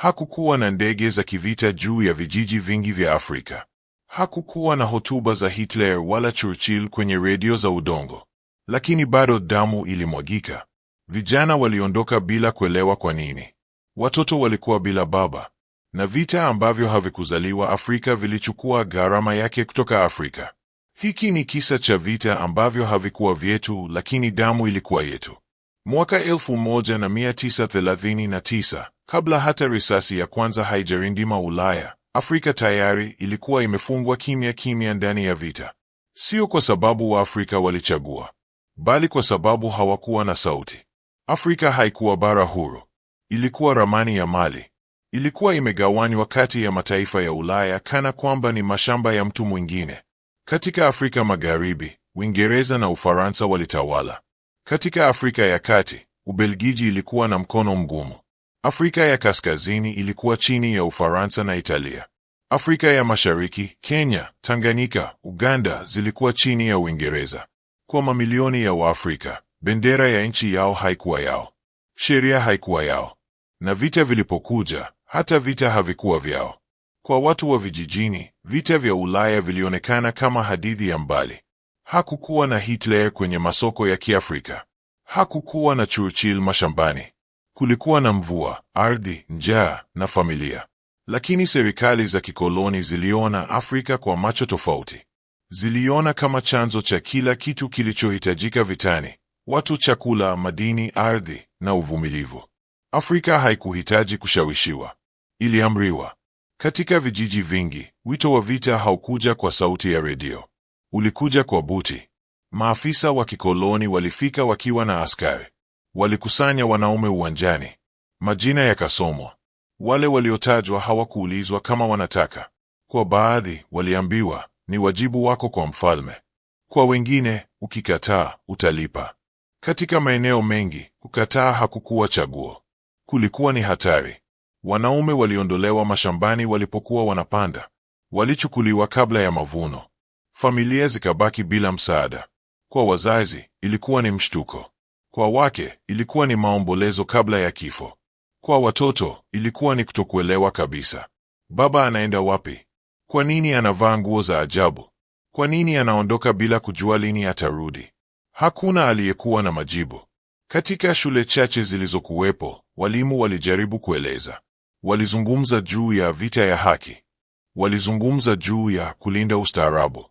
Hakukuwa na ndege za kivita juu ya vijiji vingi vya Afrika. Hakukuwa na hotuba za Hitler wala Churchill kwenye redio za udongo, lakini bado damu ilimwagika. Vijana waliondoka bila kuelewa kwa nini, watoto walikuwa bila baba, na vita ambavyo havikuzaliwa Afrika vilichukua gharama yake kutoka Afrika. Hiki ni kisa cha vita ambavyo havikuwa vyetu, lakini damu ilikuwa yetu. Mwaka 1939 Kabla hata risasi ya kwanza haijarindima Ulaya, Afrika tayari ilikuwa imefungwa kimya kimya ndani ya vita, sio kwa sababu Waafrika walichagua, bali kwa sababu hawakuwa na sauti. Afrika haikuwa bara huru, ilikuwa ramani ya mali. Ilikuwa imegawanywa kati ya mataifa ya Ulaya kana kwamba ni mashamba ya mtu mwingine. Katika Afrika Magharibi, Uingereza na Ufaransa walitawala. Katika Afrika ya Kati, Ubelgiji ilikuwa na mkono mgumu. Afrika ya Kaskazini ilikuwa chini ya Ufaransa na Italia. Afrika ya Mashariki, Kenya, Tanganyika, Uganda zilikuwa chini ya Uingereza. Kwa mamilioni ya Waafrika, bendera ya nchi yao haikuwa yao, sheria haikuwa yao, na vita vilipokuja, hata vita havikuwa vyao. Kwa watu wa vijijini, vita vya Ulaya vilionekana kama hadithi ya mbali. Hakukuwa na Hitler kwenye masoko ya Kiafrika, hakukuwa na Churchill mashambani. Kulikuwa na mvua, ardhi, njaa na familia, lakini serikali za kikoloni ziliona Afrika kwa macho tofauti. Ziliona kama chanzo cha kila kitu kilichohitajika vitani: watu, chakula, madini, ardhi na uvumilivu. Afrika haikuhitaji kushawishiwa, iliamriwa. Katika vijiji vingi, wito wa vita haukuja kwa sauti ya redio, ulikuja kwa buti. Maafisa wa kikoloni walifika wakiwa na askari Walikusanya wanaume uwanjani, majina yakasomwa. Wale waliotajwa hawakuulizwa kama wanataka. Kwa baadhi waliambiwa, ni wajibu wako kwa mfalme. Kwa wengine, ukikataa utalipa. Katika maeneo mengi kukataa hakukuwa chaguo, kulikuwa ni hatari. Wanaume waliondolewa mashambani walipokuwa wanapanda, walichukuliwa kabla ya mavuno. Familia zikabaki bila msaada. Kwa wazazi ilikuwa ni mshtuko. Kwa wake ilikuwa ni maombolezo kabla ya kifo. Kwa watoto ilikuwa ni kutokuelewa kabisa. Baba anaenda wapi? Kwa nini anavaa nguo za ajabu? Kwa nini anaondoka bila kujua lini atarudi? Hakuna aliyekuwa na majibu. Katika shule chache zilizokuwepo, walimu walijaribu kueleza. Walizungumza juu ya vita ya haki, walizungumza juu ya kulinda ustaarabu,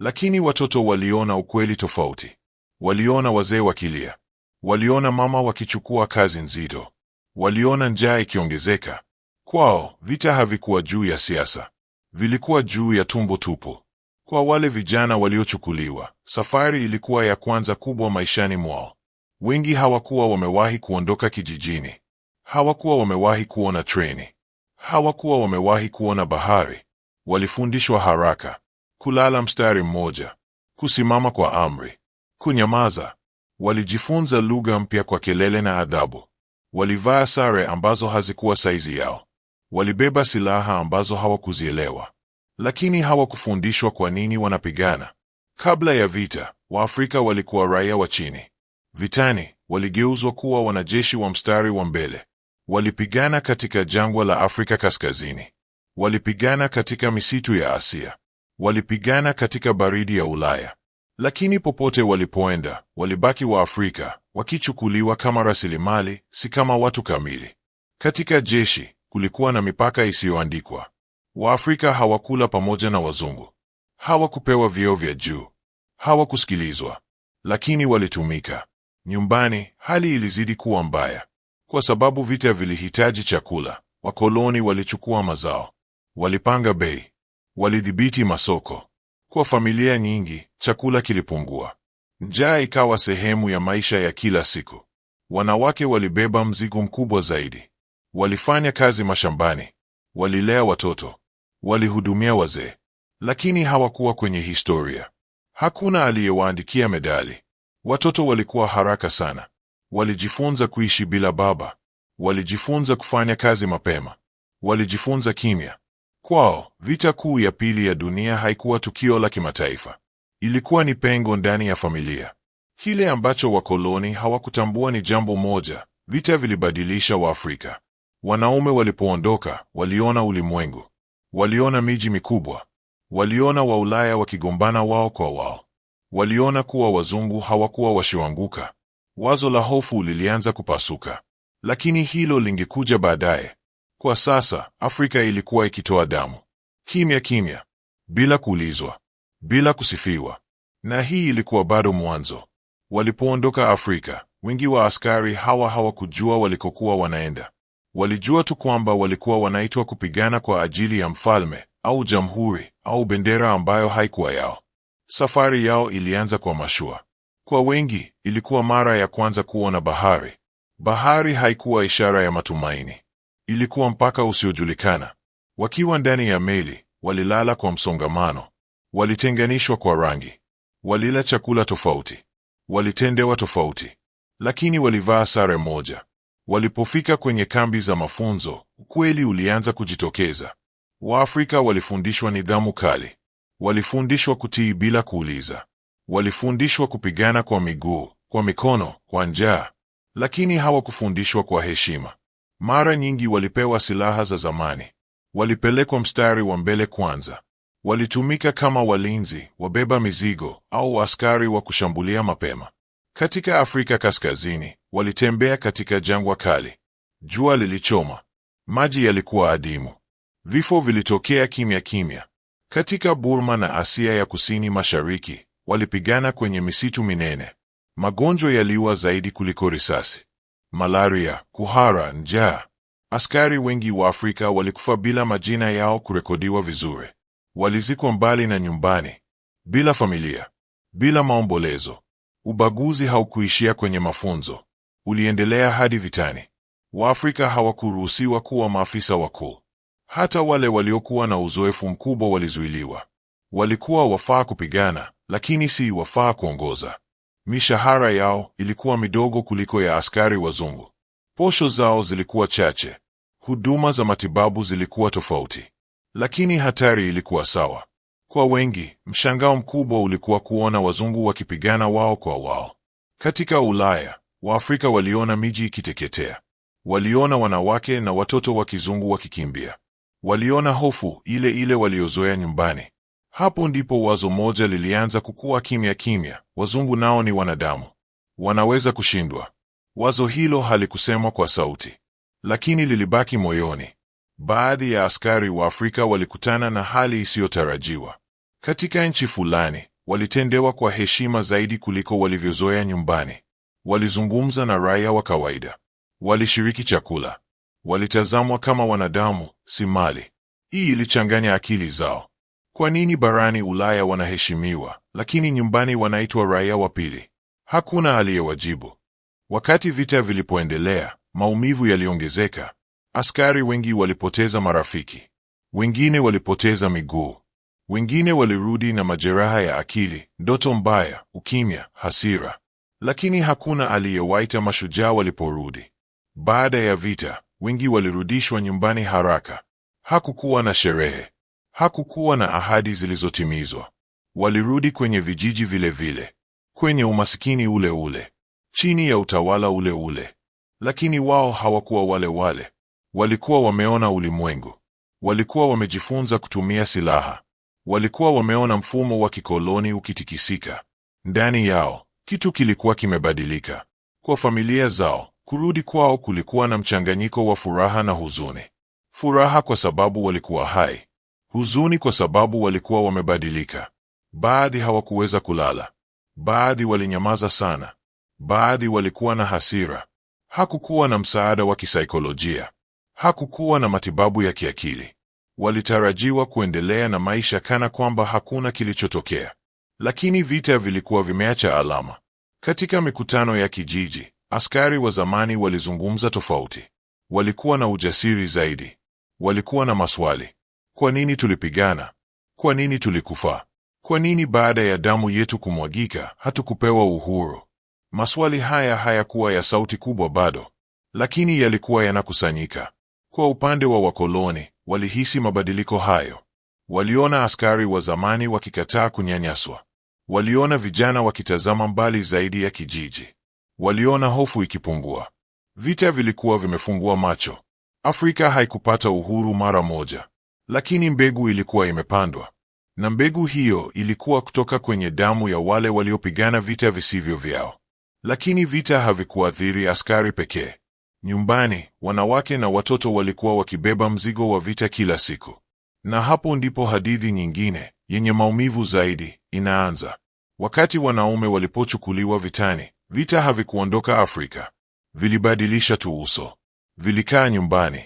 lakini watoto waliona ukweli tofauti. Waliona wazee wakilia, Waliona mama wakichukua kazi nzito, waliona njaa ikiongezeka. Kwao vita havikuwa juu ya siasa, vilikuwa juu ya tumbo tupu. Kwa wale vijana waliochukuliwa, safari ilikuwa ya kwanza kubwa maishani mwao. Wengi hawakuwa wamewahi kuondoka kijijini, hawakuwa wamewahi kuona treni, hawakuwa wamewahi kuona bahari. Walifundishwa haraka: kulala mstari mmoja, kusimama kwa amri, kunyamaza, Walijifunza lugha mpya kwa kelele na adhabu. Walivaa sare ambazo hazikuwa saizi yao. Walibeba silaha ambazo hawakuzielewa, lakini hawakufundishwa kwa nini wanapigana. Kabla ya vita, Waafrika walikuwa raia wa chini. Vitani, waligeuzwa kuwa wanajeshi wa mstari wa mbele. Walipigana katika jangwa la Afrika Kaskazini. Walipigana katika misitu ya Asia. Walipigana katika baridi ya Ulaya. Lakini popote walipoenda, walibaki Waafrika wakichukuliwa kama rasilimali, si kama watu kamili. Katika jeshi kulikuwa na mipaka isiyoandikwa. Waafrika hawakula pamoja na wazungu, hawakupewa vyeo vya juu, hawakusikilizwa, lakini walitumika. Nyumbani hali ilizidi kuwa mbaya, kwa sababu vita vilihitaji chakula. Wakoloni walichukua mazao, walipanga bei, walidhibiti masoko, kwa familia nyingi, chakula kilipungua. Njaa ikawa sehemu ya maisha ya kila siku. Wanawake walibeba mzigo mkubwa zaidi. Walifanya kazi mashambani, walilea watoto, walihudumia wazee, lakini hawakuwa kwenye historia. Hakuna aliyewaandikia medali. Watoto walikuwa haraka sana, walijifunza kuishi bila baba, walijifunza kufanya kazi mapema, walijifunza kimya. Kwao, vita kuu ya pili ya dunia haikuwa tukio la kimataifa. Ilikuwa ni pengo ndani ya familia. Kile ambacho wakoloni hawakutambua ni jambo moja: vita vilibadilisha Waafrika. Wanaume walipoondoka, waliona ulimwengu, waliona miji mikubwa, waliona Waulaya wakigombana wao kwa wao, waliona kuwa wazungu hawakuwa washoanguka. Wazo la hofu lilianza kupasuka, lakini hilo lingekuja baadaye. Kwa sasa Afrika ilikuwa ikitoa damu kimya kimya, bila kuulizwa, bila kusifiwa, na hii ilikuwa bado mwanzo. Walipoondoka Afrika, wengi wa askari hawa hawakujua walikokuwa wanaenda. Walijua tu kwamba walikuwa wanaitwa kupigana kwa ajili ya mfalme au jamhuri au bendera ambayo haikuwa yao. Safari yao ilianza kwa mashua. Kwa wengi ilikuwa mara ya kwanza kuona bahari. Bahari haikuwa ishara ya matumaini, Ilikuwa mpaka usiojulikana. Wakiwa ndani ya meli, walilala kwa msongamano, walitenganishwa kwa rangi, walila chakula tofauti, walitendewa tofauti, lakini walivaa sare moja. Walipofika kwenye kambi za mafunzo, ukweli ulianza kujitokeza. Waafrika walifundishwa nidhamu kali, walifundishwa kutii bila kuuliza, walifundishwa kupigana kwa miguu, kwa mikono, kwa njaa, lakini hawakufundishwa kwa heshima. Mara nyingi walipewa silaha za zamani, walipelekwa mstari wa mbele kwanza. Walitumika kama walinzi, wabeba mizigo au askari wa kushambulia mapema. Katika Afrika Kaskazini, walitembea katika jangwa kali. Jua lilichoma, maji yalikuwa adimu, vifo vilitokea kimya kimya. Katika Burma na Asia ya Kusini Mashariki, walipigana kwenye misitu minene. Magonjwa yaliua zaidi kuliko risasi malaria, kuhara, njaa. Askari wengi wa Afrika walikufa bila majina yao kurekodiwa vizuri. Walizikwa mbali na nyumbani, bila familia, bila maombolezo. Ubaguzi haukuishia kwenye mafunzo, uliendelea hadi vitani. Waafrika hawakuruhusiwa kuwa maafisa wakuu. Hata wale waliokuwa na uzoefu mkubwa walizuiliwa. Walikuwa wafaa kupigana, lakini si wafaa kuongoza. Mishahara yao ilikuwa midogo kuliko ya askari wazungu. Posho zao zilikuwa chache. Huduma za matibabu zilikuwa tofauti, lakini hatari ilikuwa sawa. Kwa wengi, mshangao mkubwa ulikuwa kuona wazungu wakipigana wao kwa wao. Katika Ulaya, Waafrika waliona miji ikiteketea. Waliona wanawake na watoto wa kizungu wakikimbia. Waliona hofu ile ile waliozoea nyumbani. Hapo ndipo wazo moja lilianza kukua kimya kimya: wazungu nao ni wanadamu, wanaweza kushindwa. Wazo hilo halikusemwa kwa sauti, lakini lilibaki moyoni. Baadhi ya askari wa Afrika walikutana na hali isiyotarajiwa katika nchi fulani. Walitendewa kwa heshima zaidi kuliko walivyozoea nyumbani. Walizungumza na raia wa kawaida, walishiriki chakula, walitazamwa kama wanadamu, si mali. Hii ilichanganya akili zao. Kwa nini barani Ulaya wanaheshimiwa lakini nyumbani wanaitwa raia wa pili? Hakuna aliyewajibu. Wakati vita vilipoendelea, maumivu yaliongezeka. Askari wengi walipoteza marafiki, wengine walipoteza miguu, wengine walirudi na majeraha ya akili, ndoto mbaya, ukimya, hasira. Lakini hakuna aliyewaita mashujaa waliporudi. Baada ya vita, wengi walirudishwa nyumbani haraka. Hakukuwa na sherehe, Hakukuwa na ahadi zilizotimizwa. Walirudi kwenye vijiji vile vile, kwenye umasikini ule ule, chini ya utawala ule ule. Lakini wao hawakuwa wale wale. Walikuwa wameona ulimwengu, walikuwa wamejifunza kutumia silaha, walikuwa wameona mfumo wa kikoloni ukitikisika. Ndani yao kitu kilikuwa kimebadilika. Kwa familia zao, kurudi kwao kulikuwa na mchanganyiko wa furaha na huzuni. Furaha kwa sababu walikuwa hai, huzuni kwa sababu walikuwa wamebadilika. Baadhi hawakuweza kulala, baadhi walinyamaza sana, baadhi walikuwa na hasira. Hakukuwa na msaada wa kisaikolojia, hakukuwa na matibabu ya kiakili. Walitarajiwa kuendelea na maisha kana kwamba hakuna kilichotokea, lakini vita vilikuwa vimeacha alama. Katika mikutano ya kijiji, askari wa zamani walizungumza tofauti. Walikuwa na ujasiri zaidi, walikuwa na maswali. Kwa nini tulipigana? Kwa nini tulikufa? Kwa nini baada ya damu yetu kumwagika hatukupewa uhuru? Maswali haya hayakuwa ya sauti kubwa bado, lakini yalikuwa yanakusanyika. Kwa upande wa wakoloni, walihisi mabadiliko hayo. Waliona askari wa zamani wakikataa kunyanyaswa. Waliona vijana wakitazama mbali zaidi ya kijiji. Waliona hofu ikipungua. Vita vilikuwa vimefungua macho. Afrika haikupata uhuru mara moja, lakini mbegu ilikuwa imepandwa, na mbegu hiyo ilikuwa kutoka kwenye damu ya wale waliopigana vita visivyo vyao. Lakini vita havikuathiri askari pekee. Nyumbani, wanawake na watoto walikuwa wakibeba mzigo wa vita kila siku. Na hapo ndipo hadithi nyingine yenye maumivu zaidi inaanza. Wakati wanaume walipochukuliwa vitani, vita havikuondoka Afrika, vilibadilisha tu uso, vilikaa nyumbani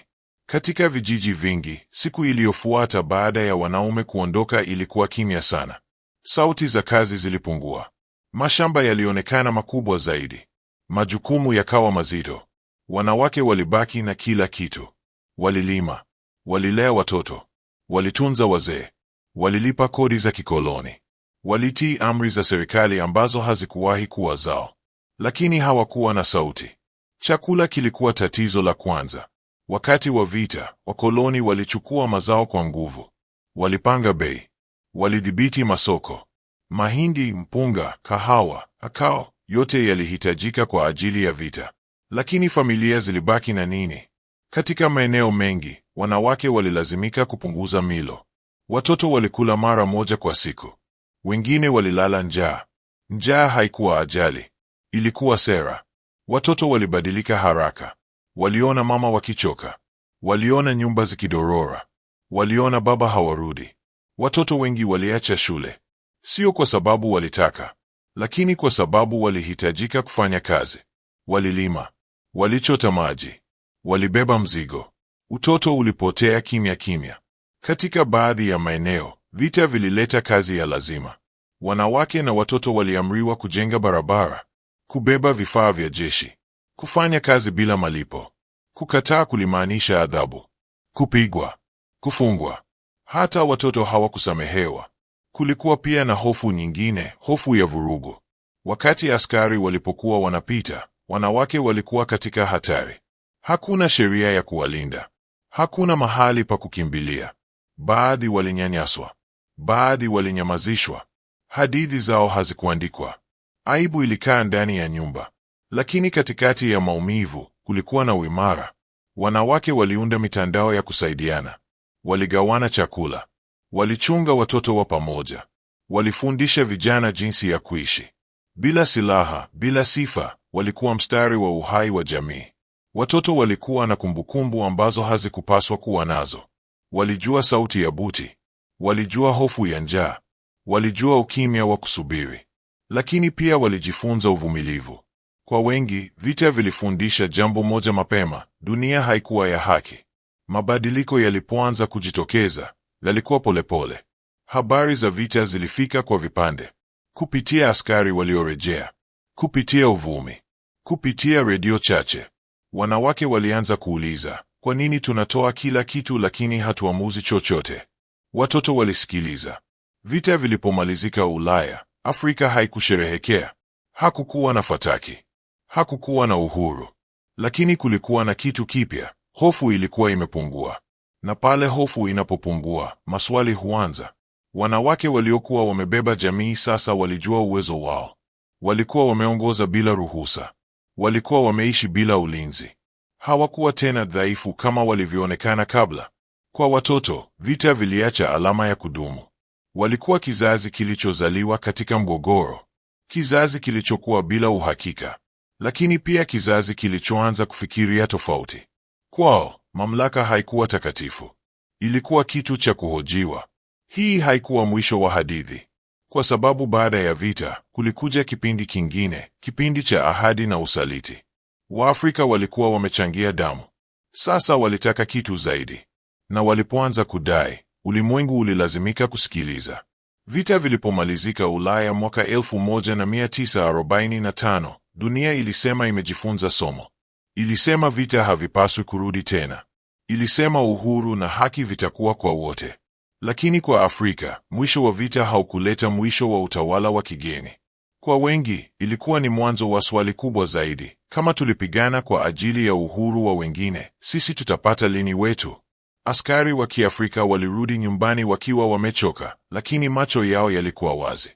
katika vijiji vingi, siku iliyofuata baada ya wanaume kuondoka ilikuwa kimya sana. Sauti za kazi zilipungua. Mashamba yalionekana makubwa zaidi. Majukumu yakawa mazito. Wanawake walibaki na kila kitu. Walilima, walilea watoto, walitunza wazee, walilipa kodi za kikoloni, walitii amri za serikali ambazo hazikuwahi kuwa zao. Lakini hawakuwa na sauti. Chakula kilikuwa tatizo la kwanza. Wakati wa vita, wakoloni walichukua mazao kwa nguvu, walipanga bei, walidhibiti masoko. Mahindi, mpunga, kahawa, kakao, yote yalihitajika kwa ajili ya vita. Lakini familia zilibaki na nini? Katika maeneo mengi, wanawake walilazimika kupunguza milo. Watoto walikula mara moja kwa siku, wengine walilala njaa. Njaa haikuwa ajali, ilikuwa sera. Watoto walibadilika haraka. Waliona mama wakichoka, waliona nyumba zikidorora, waliona baba hawarudi. Watoto wengi waliacha shule, sio kwa sababu walitaka, lakini kwa sababu walihitajika kufanya kazi. Walilima, walichota maji, walibeba mzigo. Utoto ulipotea kimya kimya. Katika baadhi ya maeneo, vita vilileta kazi ya lazima. Wanawake na watoto waliamriwa kujenga barabara, kubeba vifaa vya jeshi Kufanya kazi bila malipo. Kukataa kulimaanisha adhabu, kupigwa, kufungwa. Hata watoto hawakusamehewa. Kulikuwa pia na hofu nyingine, hofu ya vurugu. Wakati askari walipokuwa wanapita, wanawake walikuwa katika hatari. Hakuna sheria ya kuwalinda, hakuna mahali pa kukimbilia. Baadhi walinyanyaswa, baadhi walinyamazishwa. Hadithi zao hazikuandikwa. Aibu ilikaa ndani ya nyumba. Lakini katikati ya maumivu kulikuwa na uimara. Wanawake waliunda mitandao ya kusaidiana, waligawana chakula, walichunga watoto wa pamoja, walifundisha vijana jinsi ya kuishi bila silaha, bila sifa. Walikuwa mstari wa uhai wa jamii. Watoto walikuwa na kumbukumbu ambazo hazikupaswa kuwa nazo. Walijua sauti ya buti, walijua hofu ya njaa, walijua ukimya wa kusubiri, lakini pia walijifunza uvumilivu. Kwa wengi, vita vilifundisha jambo moja mapema: dunia haikuwa ya haki. Mabadiliko yalipoanza kujitokeza, yalikuwa polepole. Habari za vita zilifika kwa vipande, kupitia askari waliorejea, kupitia uvumi, kupitia redio chache. Wanawake walianza kuuliza, kwa nini tunatoa kila kitu lakini hatuamuzi chochote? Watoto walisikiliza. Vita vilipomalizika Ulaya, Afrika haikusherehekea. Hakukuwa na fataki. Hakukuwa na uhuru, lakini kulikuwa na kitu kipya. Hofu ilikuwa imepungua, na pale hofu inapopungua, maswali huanza. Wanawake waliokuwa wamebeba jamii sasa walijua uwezo wao. Walikuwa wameongoza bila ruhusa, walikuwa wameishi bila ulinzi. Hawakuwa tena dhaifu kama walivyoonekana kabla. Kwa watoto, vita viliacha alama ya kudumu. Walikuwa kizazi kilichozaliwa katika mgogoro, kizazi kilichokuwa bila uhakika, lakini pia kizazi kilichoanza kufikiria tofauti. Kwao mamlaka haikuwa takatifu, ilikuwa kitu cha kuhojiwa. Hii haikuwa mwisho wa hadithi, kwa sababu baada ya vita kulikuja kipindi kingine, kipindi cha ahadi na usaliti. Waafrika walikuwa wamechangia damu, sasa walitaka kitu zaidi, na walipoanza kudai, ulimwengu ulilazimika kusikiliza. Vita vilipomalizika Ulaya mwaka 1945 Dunia ilisema imejifunza somo. Ilisema vita havipaswi kurudi tena. Ilisema uhuru na haki vitakuwa kwa wote. Lakini kwa Afrika, mwisho wa vita haukuleta mwisho wa utawala wa kigeni. Kwa wengi, ilikuwa ni mwanzo wa swali kubwa zaidi. Kama tulipigana kwa ajili ya uhuru wa wengine, sisi tutapata lini wetu? Askari wa Kiafrika walirudi nyumbani wakiwa wamechoka, lakini macho yao yalikuwa wazi.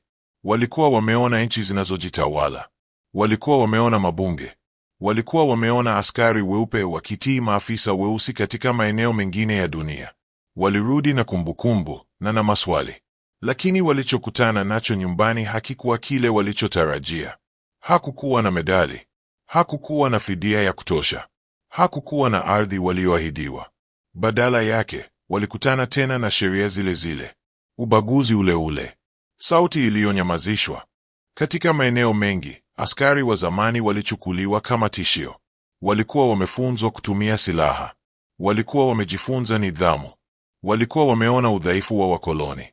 Walikuwa wameona nchi zinazojitawala. Walikuwa wameona mabunge, walikuwa wameona askari weupe wakitii maafisa weusi katika maeneo mengine ya dunia. Walirudi na kumbukumbu na na maswali, lakini walichokutana nacho nyumbani hakikuwa kile walichotarajia. Hakukuwa na medali, hakukuwa na fidia ya kutosha, hakukuwa na ardhi walioahidiwa. Badala yake walikutana tena na sheria zile zile, ubaguzi ule ule, sauti iliyonyamazishwa. Katika maeneo mengi Askari wa zamani walichukuliwa kama tishio. Walikuwa wamefunzwa kutumia silaha, walikuwa wamejifunza nidhamu, walikuwa wameona udhaifu wa wakoloni.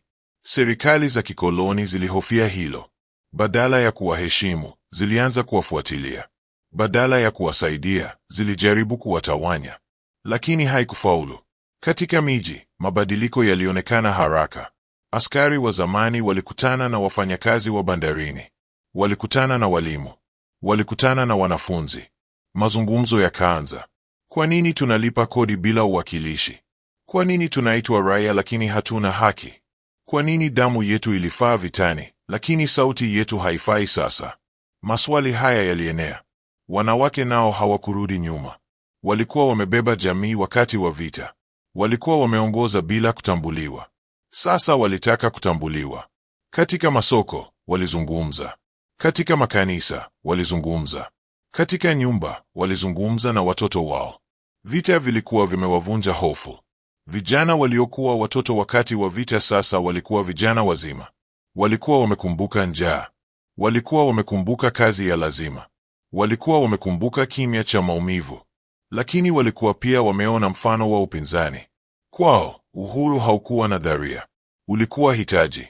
Serikali za kikoloni zilihofia hilo. Badala ya kuwaheshimu, zilianza kuwafuatilia. Badala ya kuwasaidia, zilijaribu kuwatawanya, lakini haikufaulu. Katika miji, mabadiliko yalionekana haraka. Askari wa zamani walikutana na wafanyakazi wa bandarini. Walikutana na walimu, walikutana na wanafunzi, mazungumzo yakaanza. Kwa nini tunalipa kodi bila uwakilishi? Kwa nini tunaitwa raia lakini hatuna haki? Kwa nini damu yetu ilifaa vitani, lakini sauti yetu haifai sasa? Maswali haya yalienea. Wanawake nao hawakurudi nyuma. Walikuwa wamebeba jamii wakati wa vita, walikuwa wameongoza bila kutambuliwa. Sasa walitaka kutambuliwa. Katika masoko walizungumza, katika makanisa walizungumza, katika nyumba walizungumza na watoto wao. Vita vilikuwa vimewavunja hofu. Vijana waliokuwa watoto wakati wa vita sasa walikuwa vijana wazima. Walikuwa wamekumbuka njaa, walikuwa wamekumbuka kazi ya lazima, walikuwa wamekumbuka kimya cha maumivu, lakini walikuwa pia wameona mfano wa upinzani. Kwao uhuru haukuwa nadharia, ulikuwa hitaji.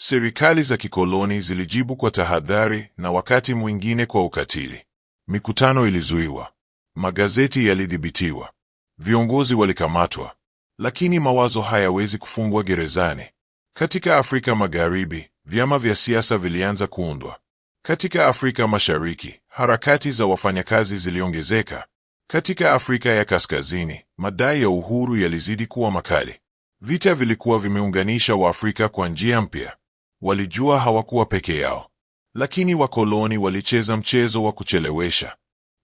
Serikali za kikoloni zilijibu kwa tahadhari na wakati mwingine kwa ukatili. Mikutano ilizuiwa, magazeti yalidhibitiwa, viongozi walikamatwa, lakini mawazo hayawezi kufungwa gerezani. Katika Afrika Magharibi, vyama vya siasa vilianza kuundwa. Katika Afrika Mashariki, harakati za wafanyakazi ziliongezeka. Katika Afrika ya Kaskazini, madai ya uhuru yalizidi kuwa makali. Vita vilikuwa vimeunganisha Waafrika kwa njia mpya. Walijua hawakuwa peke yao, lakini wakoloni walicheza mchezo wa kuchelewesha.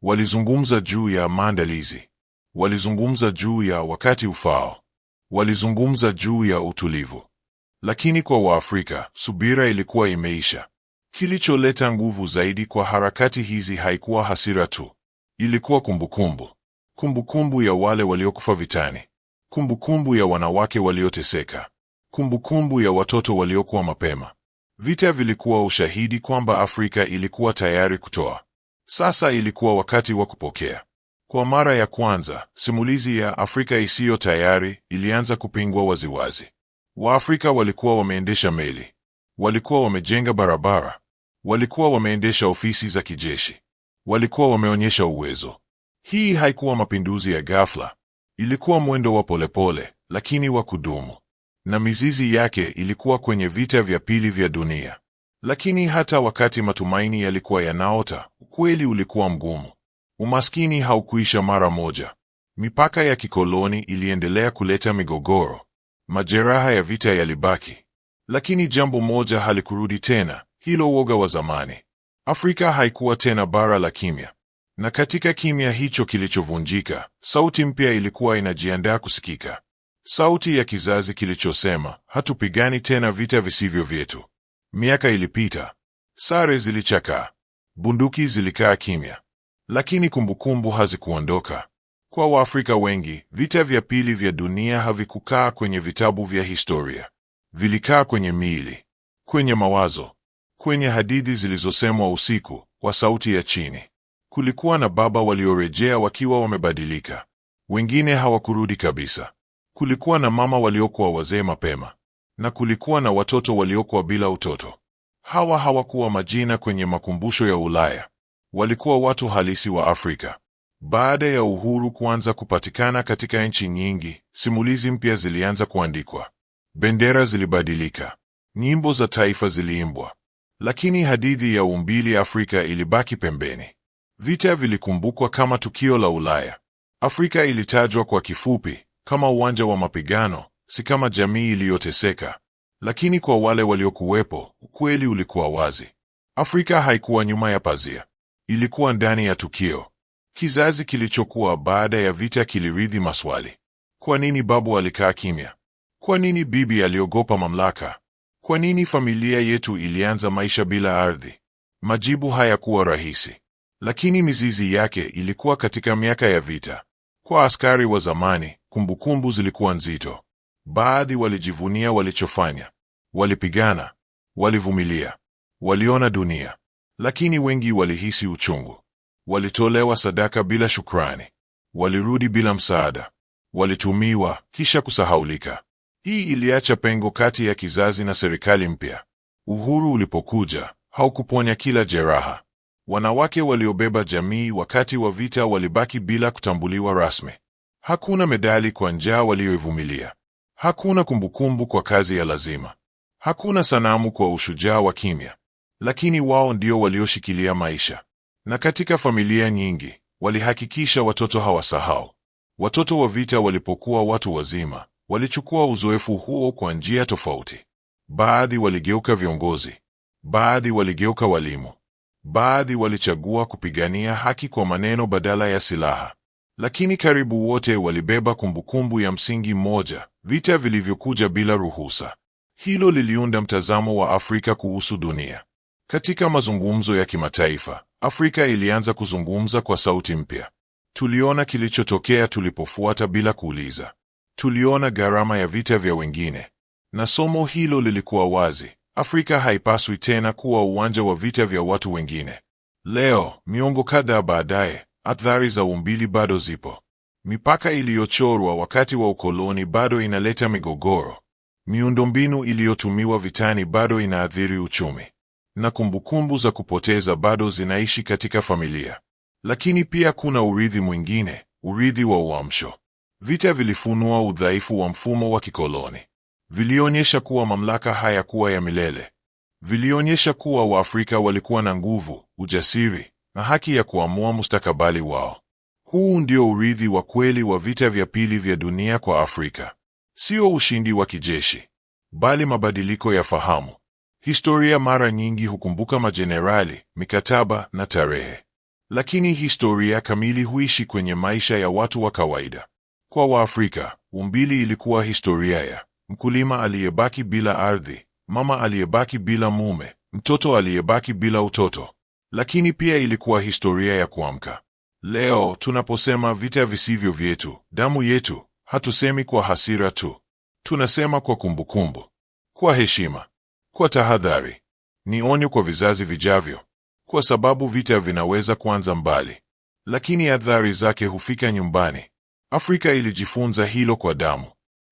Walizungumza juu ya maandalizi, walizungumza juu ya wakati ufao, walizungumza juu ya utulivu, lakini kwa Waafrika subira ilikuwa imeisha. Kilicholeta nguvu zaidi kwa harakati hizi haikuwa hasira tu, ilikuwa kumbukumbu, kumbukumbu ya wale waliokufa vitani, kumbukumbu ya wanawake walioteseka kumbukumbu ya watoto waliokuwa mapema. Vita vilikuwa ushahidi kwamba Afrika ilikuwa tayari kutoa. Sasa ilikuwa wakati wa kupokea. Kwa mara ya kwanza, simulizi ya Afrika isiyo tayari ilianza kupingwa waziwazi. Waafrika walikuwa wameendesha meli, walikuwa wamejenga barabara, walikuwa wameendesha ofisi za kijeshi, walikuwa wameonyesha uwezo. Hii haikuwa mapinduzi ya ghafla, ilikuwa mwendo wa polepole, lakini wa kudumu na mizizi yake ilikuwa kwenye vita vya pili vya dunia. Lakini hata wakati matumaini yalikuwa yanaota, ukweli ulikuwa mgumu. Umaskini haukuisha mara moja. Mipaka ya kikoloni iliendelea kuleta migogoro. Majeraha ya vita yalibaki. Lakini jambo moja halikurudi tena, hilo woga wa zamani. Afrika haikuwa tena bara la kimya. Na katika kimya hicho kilichovunjika, sauti mpya ilikuwa inajiandaa kusikika sauti ya kizazi kilichosema hatupigani tena vita visivyo vyetu. Miaka ilipita, sare zilichakaa, bunduki zilikaa kimya, lakini kumbukumbu hazikuondoka. Kwa Waafrika wengi, vita vya pili vya dunia havikukaa kwenye vitabu vya historia, vilikaa kwenye miili, kwenye mawazo, kwenye hadithi zilizosemwa usiku wa sauti ya chini. Kulikuwa na baba waliorejea wakiwa wamebadilika, wengine hawakurudi kabisa. Kulikuwa na mama waliokuwa wazee mapema na kulikuwa na watoto waliokuwa bila utoto. Hawa hawakuwa majina kwenye makumbusho ya Ulaya, walikuwa watu halisi wa Afrika. Baada ya uhuru kuanza kupatikana katika nchi nyingi, simulizi mpya zilianza kuandikwa, bendera zilibadilika, nyimbo za taifa ziliimbwa, lakini hadithi ya umbili Afrika ilibaki pembeni. Vita vilikumbukwa kama tukio la Ulaya, Afrika ilitajwa kwa kifupi, kama uwanja wa mapigano, si kama jamii iliyoteseka. Lakini kwa wale waliokuwepo, ukweli ulikuwa wazi. Afrika haikuwa nyuma ya pazia, ilikuwa ndani ya tukio. Kizazi kilichokuwa baada ya vita kilirithi maswali: kwa nini babu alikaa kimya? Kwa nini bibi aliogopa mamlaka? Kwa nini familia yetu ilianza maisha bila ardhi? Majibu hayakuwa rahisi, lakini mizizi yake ilikuwa katika miaka ya vita, kwa askari wa zamani, Kumbukumbu zilikuwa nzito. Baadhi walijivunia walichofanya, walipigana, walivumilia, waliona dunia, lakini wengi walihisi uchungu. Walitolewa sadaka bila shukrani, walirudi bila msaada, walitumiwa kisha kusahaulika. Hii iliacha pengo kati ya kizazi na serikali mpya. Uhuru ulipokuja haukuponya kila jeraha. Wanawake waliobeba jamii wakati wa vita walibaki bila kutambuliwa rasmi. Hakuna medali kwa njaa waliyoivumilia, hakuna kumbukumbu kwa kazi ya lazima, hakuna sanamu kwa ushujaa wa kimya, lakini wao ndio walioshikilia maisha. Na katika familia nyingi walihakikisha watoto hawasahau. Watoto wa vita walipokuwa watu wazima, walichukua uzoefu huo kwa njia tofauti. Baadhi waligeuka viongozi, baadhi waligeuka walimu, baadhi walichagua kupigania haki kwa maneno badala ya silaha lakini karibu wote walibeba kumbukumbu ya msingi mmoja: vita vilivyokuja bila ruhusa. Hilo liliunda mtazamo wa Afrika kuhusu dunia. Katika mazungumzo ya kimataifa, Afrika ilianza kuzungumza kwa sauti mpya. Tuliona kilichotokea tulipofuata bila kuuliza. Tuliona gharama ya vita vya wengine, na somo hilo lilikuwa wazi: Afrika haipaswi tena kuwa uwanja wa vita vya watu wengine. Leo, miongo kadhaa baadaye, Athari za umbili bado zipo. Mipaka iliyochorwa wakati wa ukoloni bado inaleta migogoro. Miundombinu iliyotumiwa vitani bado inaathiri uchumi, na kumbukumbu za kupoteza bado zinaishi katika familia. Lakini pia kuna urithi mwingine, urithi wa uamsho. Vita vilifunua udhaifu wa mfumo wa kikoloni, vilionyesha kuwa mamlaka hayakuwa ya milele, vilionyesha kuwa Waafrika walikuwa na nguvu, ujasiri na haki ya kuamua mustakabali wao. Huu ndio urithi wa kweli wa vita vya pili vya dunia kwa Afrika, sio ushindi wa kijeshi, bali mabadiliko ya fahamu. Historia mara nyingi hukumbuka majenerali, mikataba na tarehe, lakini historia kamili huishi kwenye maisha ya watu wa kawaida. Kwa Waafrika, umbili ilikuwa historia ya mkulima aliyebaki bila ardhi, mama aliyebaki bila mume, mtoto aliyebaki bila utoto, lakini pia ilikuwa historia ya kuamka. Leo tunaposema vita visivyo vyetu, damu yetu, hatusemi kwa hasira tu, tunasema kwa kumbukumbu, kwa heshima, kwa tahadhari. Ni onyo kwa vizazi vijavyo, kwa sababu vita vinaweza kuanza mbali, lakini athari zake hufika nyumbani. Afrika ilijifunza hilo kwa damu,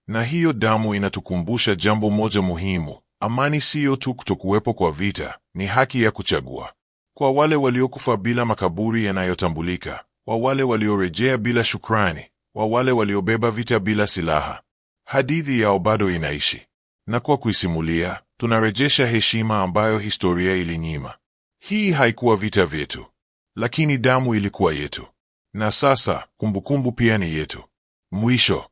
na hiyo damu inatukumbusha jambo moja muhimu: amani siyo tu kutokuwepo kwa vita, ni haki ya kuchagua kwa wale waliokufa bila makaburi yanayotambulika, wa wale waliorejea bila shukrani, wa wale waliobeba vita bila silaha. Hadithi yao bado inaishi, na kwa kuisimulia tunarejesha heshima ambayo historia ilinyima. Hii haikuwa vita vyetu, lakini damu ilikuwa yetu, na sasa kumbukumbu pia ni yetu. Mwisho.